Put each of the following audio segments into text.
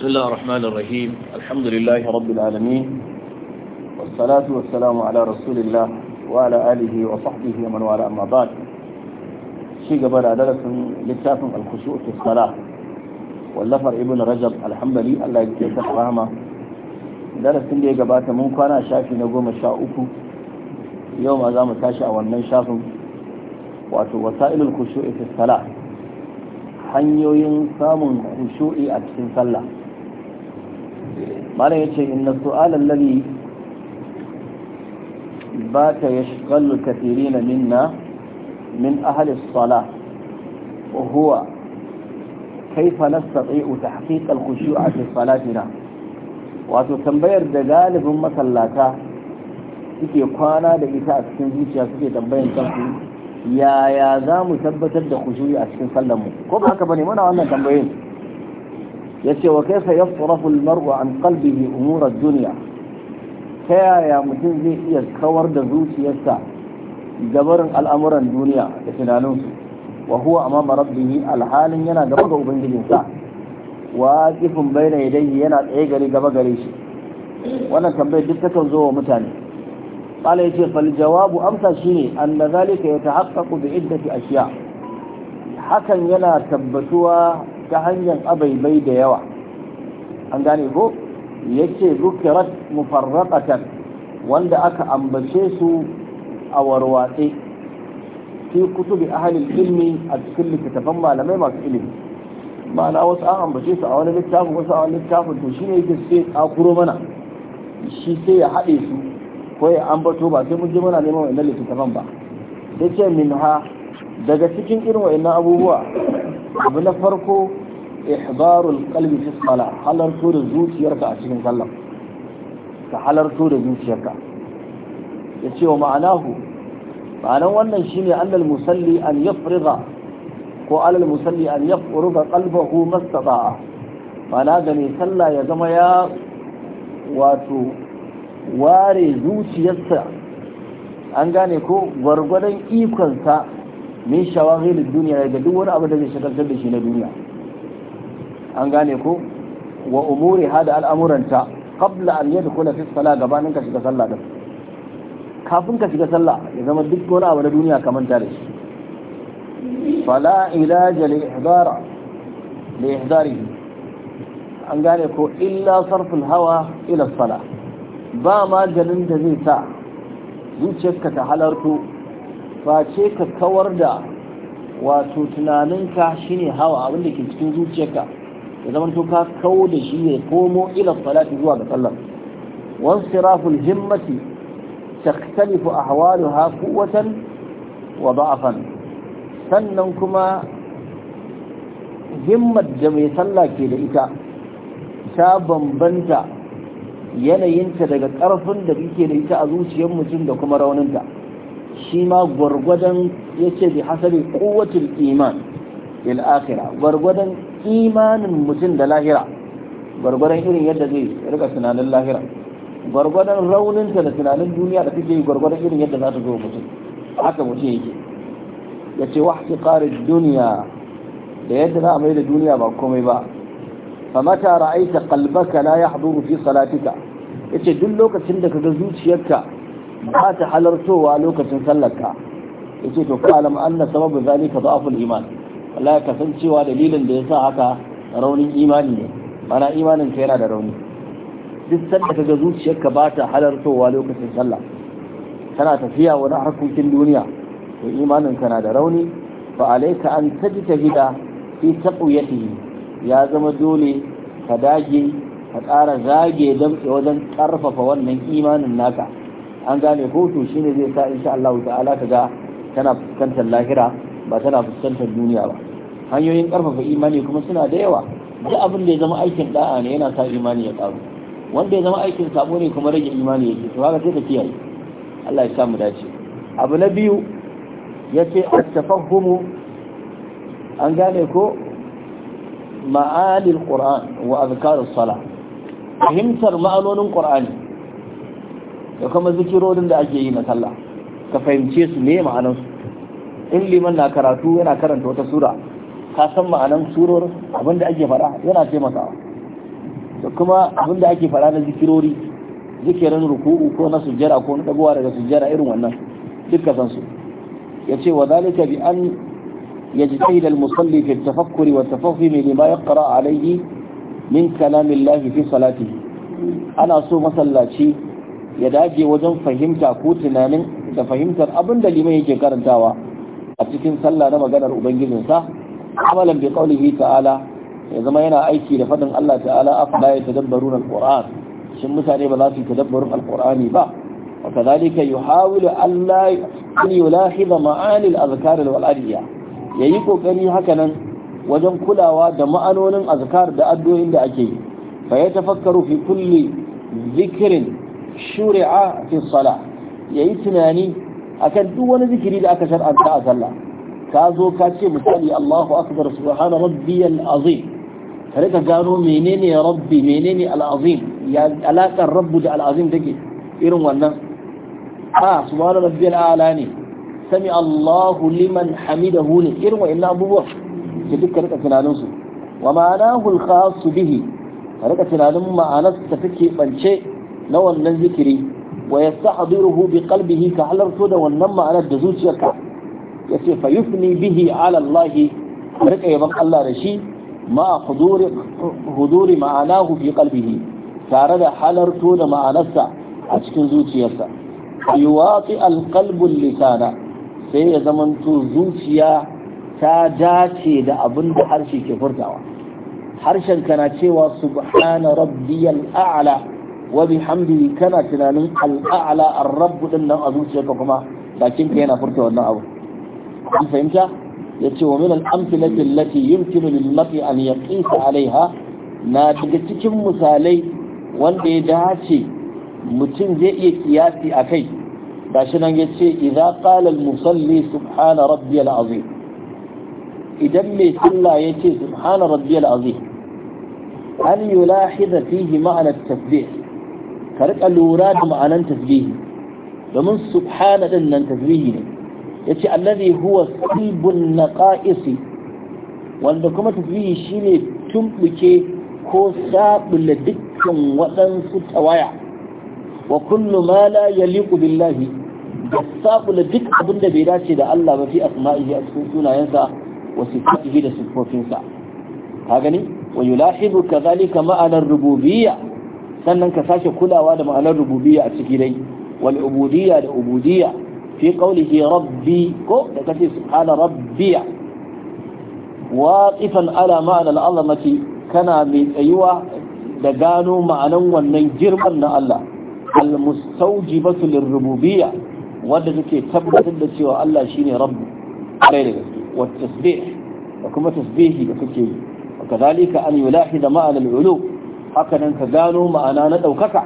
بسم الله الرحمن الرحيم الحمد لله رب العالمين والصلاة والسلام على رسول الله وعلى آله وصحبه ومن والاه أما بعد شيء قبل درس لكتاب الخشوع في الصلاة واللفر ابن رجب الحمد لله الله يجزيك رحمة درس اللي قبل من كان شافي نقوم شاؤكم يوم أزام تاشا والنين شافم وسائل الخشوع في الصلاة hanyoyin samun kushu'i a cikin sallah malam yace inna ta ya bata yashghalu kathirin minna min ahli as-salah wa huwa kaifa nastati'u tahqiq al-khushu'a fi salatina wato tambayar da galibin masallata suke kwana da ita a cikin zuciya suke tambayan kansu yaya za mu tabbatar da khushu'i a cikin sallar mu ko ba haka bane muna wannan tambayoyin yace wa kaifa yasrafu al-mar'u an qalbihi umur ad-dunya ta yaya mutum zai iya kawar da zuciyarsa gabarin al'amuran duniya da tunaninsu wa huwa amama rabbihi alhalin yana gaba ga ubangijinsa wa kifin baina yadayhi yana tsaye gari gaba gare shi wannan tambayar duk takan zo wa mutane qala yace fal jawabu amsa shine anna zalika yatahaqqaqu bi iddati ashiya hakan yana tabbatuwa ta hanyar abaibai da yawa an gane ko yake zukirat mufarraqatan wanda aka ambace su a warwatse fi kutubi ahlil ilmi a cikin littattafan malamai masu ilimi ma'ana wasu an ambace su a wani littafin wasu a wani littafin to shine yake sai kuro mana shi sai ya haɗe su ko ya ambato ba sai mun je muna neman wannan littattafan ba min minha daga cikin irin wa'annan abubuwa abu na farko ihbarul kalbi fi sala halarto da zuciyarka a cikin sallah ka halarto da zuciyarka ya ce wa ma'anahu ma'anan wannan shine annal musalli an yafriga ko alal musalli an yafriga qalbahu mastata'a ma'ana ga mai sallah ya zama ya wato ware zuciyarsa an gane ko gwargwadon ikonsa min shawaghilid duniya daga duk wani abu da zai shagaltar da shi na duniya an gane ko wa umuri hada al'amuranta qabla an yadkhula fi salat gabanin ka shiga sallah din kafin ka shiga sallah ya zama duk wani abu na duniya ka manta da shi fala ilaja li ihdara li ihdarihi an gane ko illa sarful hawa ila salah ba maganin da zai sa zuciyarka ta halartu. face ka kawar da wato tunaninka shine hawa abin da ke cikin zuciyarka ya zama to ka kawo da shi ya komo ila salati zuwa ga sallah wan siraful himmati takhtalifu ahwaluha quwwatan wa da'afan sannan kuma himmat da mai sallah ke da ita ta bambanta yanayinta daga ƙarfin da ke da ita a zuciyar mutum da kuma rauninta shi ma gwargwadon ce bi hasabi quwwatil iman lil akhirah gwargwadon imanin mutum da lahira gwargwadon irin yadda zai rika tunanin lahira gwargwadon rauninta da tunanin duniya da take yi gwargwadon irin yadda za ta zo mutum haka mutum yake ya ce wa haƙiƙarin duniya da yadda za a mai da duniya ba komai ba fa mata ra'aita qalbaka la yahduru fi salatika yace duk lokacin da kaga zuciyarka ba ta halartowa lokacin sallarka ce to fa alam anna sababu zalika da'ful iman ya kasancewa dalilin da ya sa haka raunin imani ne mana imanin ka yana da rauni duk sanda ga zuciyarka ba ta halartowa lokacin sallah kana tafiya wani harkokin duniya to imanin ka na da rauni fa alayka an gida fi taqwiyatihi ya zama dole ka dage ka ƙara zage damtse wajen ƙarfafa wannan imanin naka an gane hoto ne zai sa insha Allah ta'ala ga tana fuskantar lahira ba tana fuskantar duniya ba hanyoyin karfafa imani kuma suna da yawa duk abin da ya zama aikin da'a ne yana sa imani ya karu wanda ya zama aikin sabo ne kuma rage imani ya yake to haka sai ka kiyaye Allah ya samu dace abu na biyu ya yace at-tafahhumu an gane ko ma'anil qur'an wa azkarus salah fahimtar ma'anonin qur'ani da kuma zikirorin da ake yi na sallah ka fahimce su ne ma'anar su in liman na karatu yana karanta wata sura ka san ma'anar surar abin da ake fara yana taimakawa da kuma abin da ake fara na zikirori zikirin ruku'u ko na sujjara ko na dagowa daga sujjara irin wannan dukkan san su yace wa zalika bi an yajtahid al-musalli fi at wa at mai lima yaqra alaihi min kalam Allah fi salati ana so masallaci ya dace wajen fahimta ko tunanin da fahimtar abin da liman yake karantawa a cikin sallah na maganar ubangijinsa amalan bi qaulihi ta'ala ya zama yana aiki da fadin Allah ta'ala afla yatadabbaruna alquran shin mutane ba za su tadabbarun alqurani ba wa kadhalika yuhawilu alla yulahiza ma'ani alazkar waladiyya yayi kokari hakanan wajen kulawa da ma'anonin azkar da addu'o'in da ake yi fa ya tafakkaru fi kulli zikirin shuri'a fi sala yayi tunani akan duk wani zikiri da aka shar'anta a sallah ka zo ka ce misali Allahu akbar subhana al azim Ka ka gano menene rabbi menene al-azim ya alakar rabbu da al-azim take irin wannan a subhana al a'la ne sami Allahu liman hamidahu ne irin wa'annan abubuwa da duk ka rika tunanin su wa ma'anahu al-khas bihi ka rika tunanin ma'anar ta take bance na wannan zikiri wa yastahdiruhu bi qalbihi ka halarto da wannan ma'anar da zuciyarka ce fa yufni bihi ala Allah rika yaban Allah da shi ma huduri huduri ma'anahu fi qalbihi tare da halarto da ma'anarsa a cikin zuciyarsa yuwati alqalbu lisana sai ya zamanto zuciya ta dace da abin da harshe ke furtawa harshen kana cewa subhana rabbiyal a'la wa bihamdihi kana tunanin al'a'la ar-rabb din nan a zuciyarka kuma bakin ka yana furta wannan abu kun fahimta yace wa min al-amthilati yumkinu lil mafi an yaqisa 'alayha na daga cikin misalai wanda ya dace mutum zai iya kiyasi akai gashi nan yace idza qala al-musalli subhana rabbiyal azim idan mai sallah yace subhana rabbiyal azim an yulahiza fihi ma'na at-tasbih ka riƙa lura da ma'anan tasbihi domin subhana din nan tasbihi ne yace allazi huwa qalbun naqa'isi wanda kuma tasbihi shine tumbuke ko saɓula dukkan waɗansu tawaya wa kullu ma la billahi da saɓula duk abin da bai dace da Allah ba fi asma'ihi a cikin sunayensa wa sifatihi da sifofinsa ka gani wa yulahibu kadhalika ma'anar rububiyya sannan ka sake kulawa da ma'anar rububiyya a ciki dai wal ubudiyya da ubudiyya fi qawlihi rabbi ko da kace subhana rabbiya waqifan ala ma'anar azamati kana mai tsayuwa da gano ma'anan wannan girman na Allah al mustawjibatu lirrububiyya wanda take tabbatar da cewa Allah shine rabbu kai da gaske wa tasbih da kuma tasbihi da kake yi وكذلك an يلاحظ معنى العلو haka nan ka gano ma'ana na ɗaukaka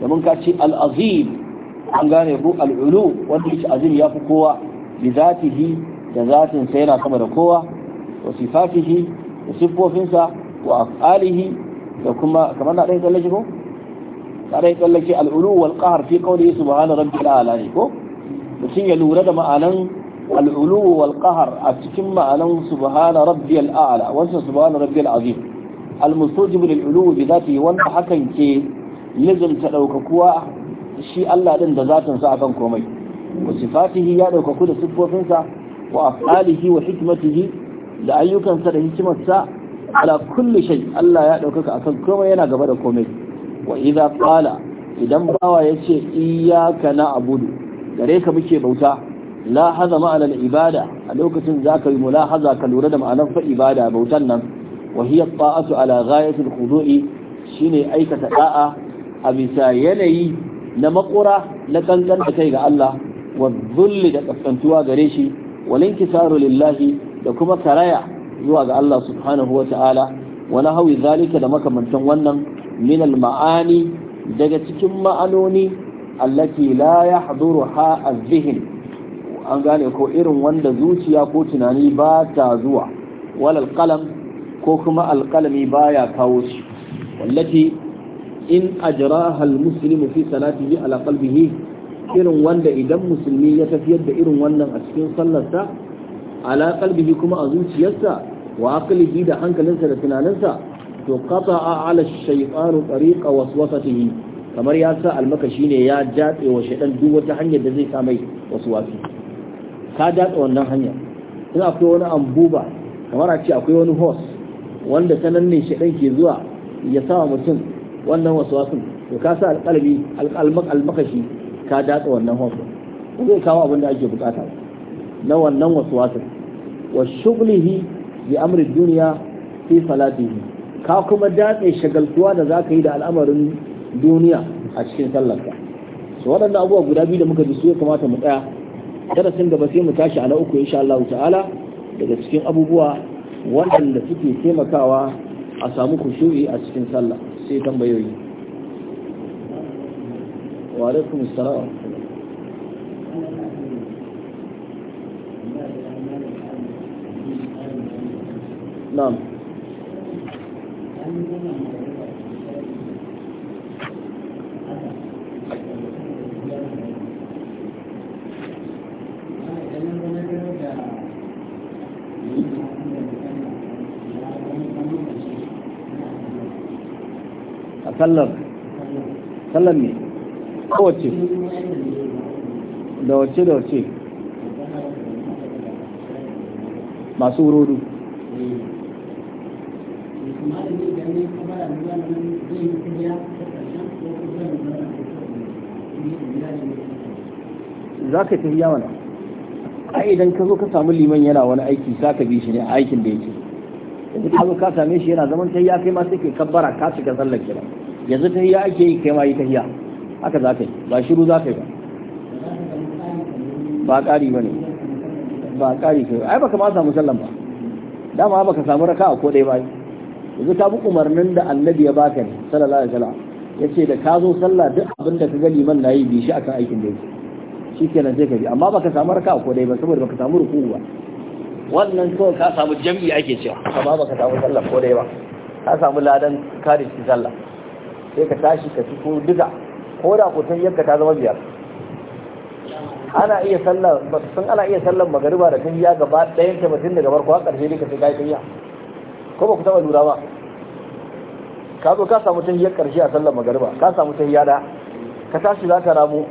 domin ka ce al'azim an gane ku al'ulu wanda yake azim ya fi kowa bi zatihi da zatin sa yana sama da kowa wa sifatihi da siffofinsa wa afalihi da kuma kamar na ɗaya tsallake ko na ɗaya tsallake al'ulu wal qahar fi qawli subhana rabbil ala ne ko mutum ya lura da ma'anan al'ulu wal qahar a cikin ma'anan subhana rabbil ala wannan subhana rabbil azim المستوجب للعلو بذاته وان حكا كي لزم تدوككوا شي الله دين ذات سا كان كومي وصفاته يا دوككو ده صفوفنسا وافعاله وحكمته da ayyukansa da hikimarsa ala kulli shay Allah ya daukaka akan komai yana gaba da komai wa idza qala idan bawa yace iyyaka na'budu gare ka muke bauta la hazama ala al-ibada a lokacin zaka yi mulahaza ka lura da ma'anar fa ibada bautan nan Wahiyar hiya ta'atu ala ghayati al shine aikata ɗa'a a bisa yanayi na maƙura na kankan da kai ga Allah wa dhulli da kasantuwa gare shi wal inkisaru lillahi da kuma karaya zuwa ga Allah subhanahu wa ta'ala wa nahwi zalika da makamantan wannan minal maani daga cikin ma'anoni allati la yahduruha az-zihn an gane ko irin wanda zuciya ko tunani ba ta zuwa walal kalam ko kuma alƙalami baya kawo shi wallati in a ajraha mu fi salati ala qalbihi irin wanda idan musulmi ya tafiyar da irin wannan a cikin sallarsa ala kuma a zuciyarsa wa aqlihi da hankalinsa da tunaninsa to qata'a ala ash-shaytanu tariqa waswasatihi kamar ya sa almakashi ne ya jatse wa shaidan duk wata hanyar da zai sa mai waswasi ka jatse wannan hanya in akwai wani ambuba kamar a ce akwai wani horse wanda ta nan ne shaɗan ke zuwa ya sa mutum wannan wasu to ka sa alƙalbi almakashi ka datsa wannan wasu ko zai kawo abin da ake bukata na wannan wasu wasu wa shughlihi bi amri duniya fi salatihi ka kuma datse shagaltuwa da zaka yi da al'amarin duniya a cikin sallarka su waɗannan abubuwa guda biyu da muka ji su ya kamata mu tsaya darasin gaba sai mu tashi ala uku insha Allah ta'ala daga cikin abubuwa waɗanda suke taimakawa a samu kushuri a cikin sallah sai tambayoyi wa alaikum salam na'am sallar sallar ne kowace da wace da wace masu wurodu za ka tafi yawon a idan ka zo ka samu liman yana wani aiki za ka bi shi ne a aikin da yake idan ka zo ka same shi yana zaman ta ya kai ma sai kabbara ka shiga sallar kenan yanzu tahiyya ake yi kai ma yi tahiyya haka za ka yi ba shiru za ka yi ba ba ƙari ba ne ba ƙari kai ai baka ma samu sallan ba dama ba ka samu raka ko kodai ba yanzu ta bi umarnin da annabi ya baka ne sallallahu alaihi wasallam ce da ka zo sallah duk abin da ka man na yi bi shi akan aikin da yake shikenan sai ka bi amma ba ka samu raka ko kodai ba saboda ka samu ruku'u ba wannan kawai ka samu jam'i ake cewa amma ka samu sallah ko ba ka samu ladan kare shi sallah sai ka tashi ka fito duka ko da ku san yanka ta zama biyar ana iya sallar sun ana iya sallar magariba da tafiya gaba ɗayan ta mutum daga farko har ƙarshe ne ka sai kai tafiya ko ba ku taɓa lura ba ka zo ka samu tahiyar ƙarshe a sallar magariba ka samu tahiya da ka tashi za ka ramu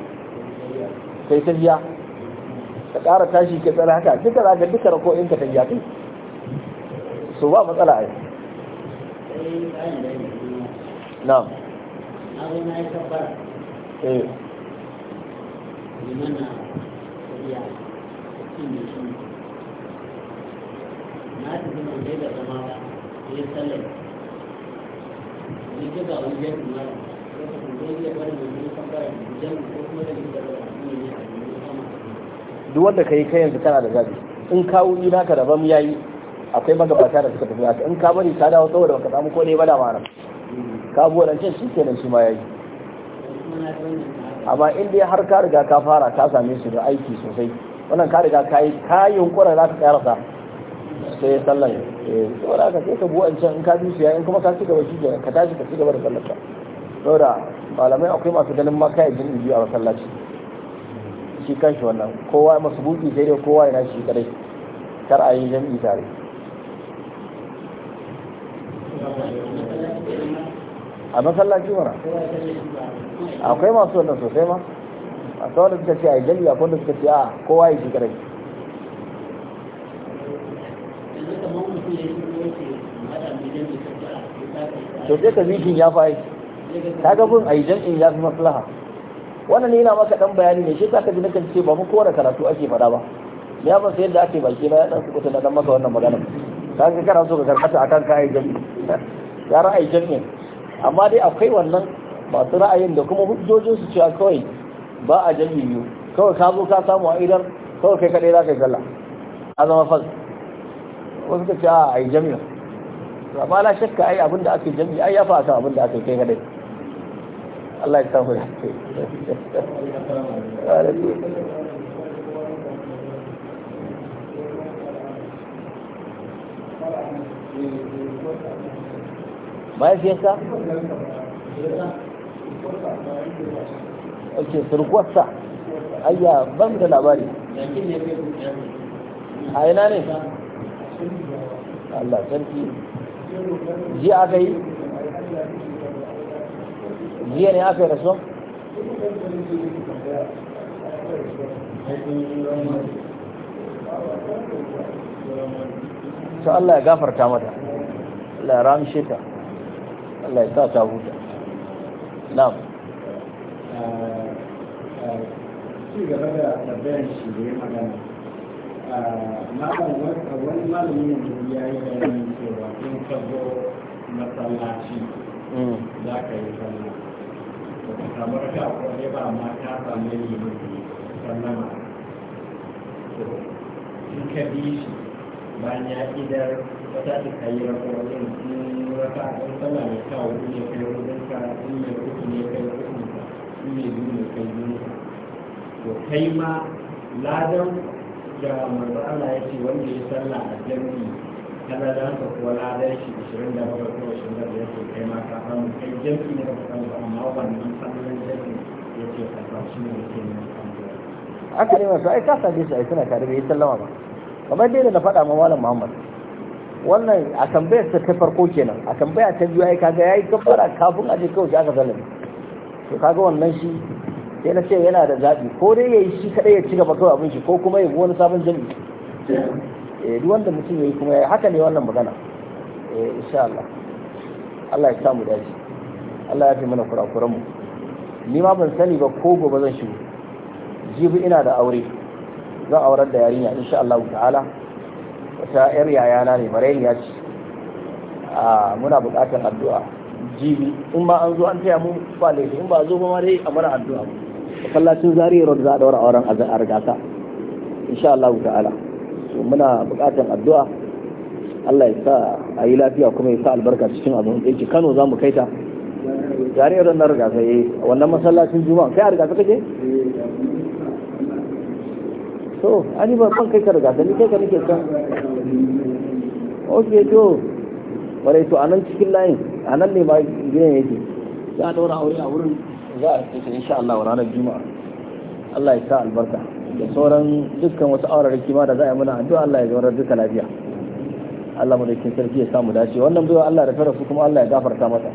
kai tahiya ka ƙara tashi ka tsara haka duka za ka duka rako in ka tahiya kai so ba matsala ai na'am aure na ya tabbara eh liman na tafiya ci ne shi na tafi mai zai da zama ba ya tsallar ne ga wani jan kuma ya kuma zai iya bari mai zai tabbara da jan ko kuma da ita da wani ne duk wanda ka yi kai yanzu kana da zabi in kawo yi naka daban yayi akwai magabata da suka tafi haka in ka bari ka dawo saboda baka samu ko ne ba da mara ka buwancin shi kenan shi ma yayi amma inda har ka riga ka fara ka same su da aiki sosai wannan ka riga ka yi ka yunkura za ka karasa sai ya sallar eh saboda ka sai ka buwa in ka bi su yayin kuma ka ci gaba shi ka tashi ka ci gaba da sallar ka da malamai akwai masu ganin maka ya jini biyu a masallaci shi kanshi wannan kowa masu buki sai dai kowa yana shi kadai kar a yi jam'i tare a masallaci mana akwai masu wannan sosai ma a tsawon da suka ce a jami'a akwai da suka ce a kowa ya shekarar karai to sai ka zikin ya fi ta gabin a yi jam'in ya fi maslaha wannan yana maka dan bayani ne shi ka ji nakan ce ba mu kowane karatu ake fada ba ya ban yadda ake baki na ya su kusa na dan masa wannan magana ka ga kana so ka karkata akan kayan jami'in ya ra'ayi jami'in amma dai akwai wannan masu ra'ayin da kuma hujjojin su cewa kawai ba a jami biyu kawai ka zo ka samu a idan kawai kai kaɗai za ka yi sallah a zama fas wasu ka ce a yi jam'i amma la shakka ai abin da aka yi jami'a ai ya fa akan abin da aka yi kai kaɗai Allah ya samu ya Thank you. mahaifiyarsa ok surkuwarsa ayya ban da labari a ina ne Allah sarki ji aka yi jiya ne aka yi rasuwa to Allah ya gafarta mata Allah ya ramshe ta Allah ya sa ta huta na'am eh, eh, ci gaba da tambayar shi da ya magana eh, wani malami ne ya yi bayanin cewa in ka masallaci mm. za ka yi sallah to ka samu ne ba ma ka samu yi ne sallama to in ka bi shi bayan ya idar wata ta kayi rafa wajen in rafa a ɗan sallah mai sa ne kai hudun ka in mai uku ne kai uku ka in mai biyu ne kai biyu ka kai ma ladan da manzo Allah wanda ya sallah a jami'i Ta da haka kuwa ladan shi 27 ko 25 kai ne amma wannan shi ne ke nan aka yi masu ai ka same su ai suna tare bai sallama ba kamar dai da na faɗa ma malam Muhammad wannan a tambayar ta farko kenan a tambaya ta biyu ai kaga yayi kafara kafin a je kawai aka zalimi to kaga wannan shi sai na ce yana da zabi ko dai yayi shi kadai ya ci gaba kawai abin shi ko kuma ya wani sabon jam'i. eh duk wanda mutum yayi kuma yayi haka ne wannan magana eh insha Allah Allah ya samu dace Allah ya fi mana kurakuran mu ni ma ban sani ba ko gobe zan shigo jibi ina da aure zan aurar da yarinya insha Allah ta'ala wata yar yayana ne marayin ya ce muna bukatar addu'a jibi in ba an zo an taya mu ba laifi in ba zo ba ma dai a mara addu'a kallacin zariyar wanda za a daura auren a rigata insha Allah ta'ala so muna bukatar addu'a Allah ya sa a yi lafiya kuma ya sa albarka cikin abin da yake Kano za mu kai ta Zariyar road na rigata eh wannan masallacin juma'a kai a rigata kake to ani ba ban kai ka rigata ni kai ka nake san ok to wadai to a nan cikin layin a nan ne ba gidan yake za a daura aure a wurin za a ce insha Allah ranar juma'a Allah ya sa albarka da sauran dukkan wasu aurarki ma da za a yi muna addu'a Allah ya zaurar duka lafiya Allah mu kin sarki ya samu dace wannan baiwa Allah da ta su kuma Allah ya gafarta masa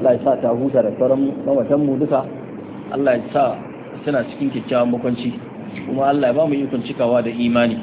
Allah ya sa ta huta da sauran mamatan mu duka Allah ya sa suna cikin kyakkyawan makwanci kuma Allah ya ba mu ikon cikawa da imani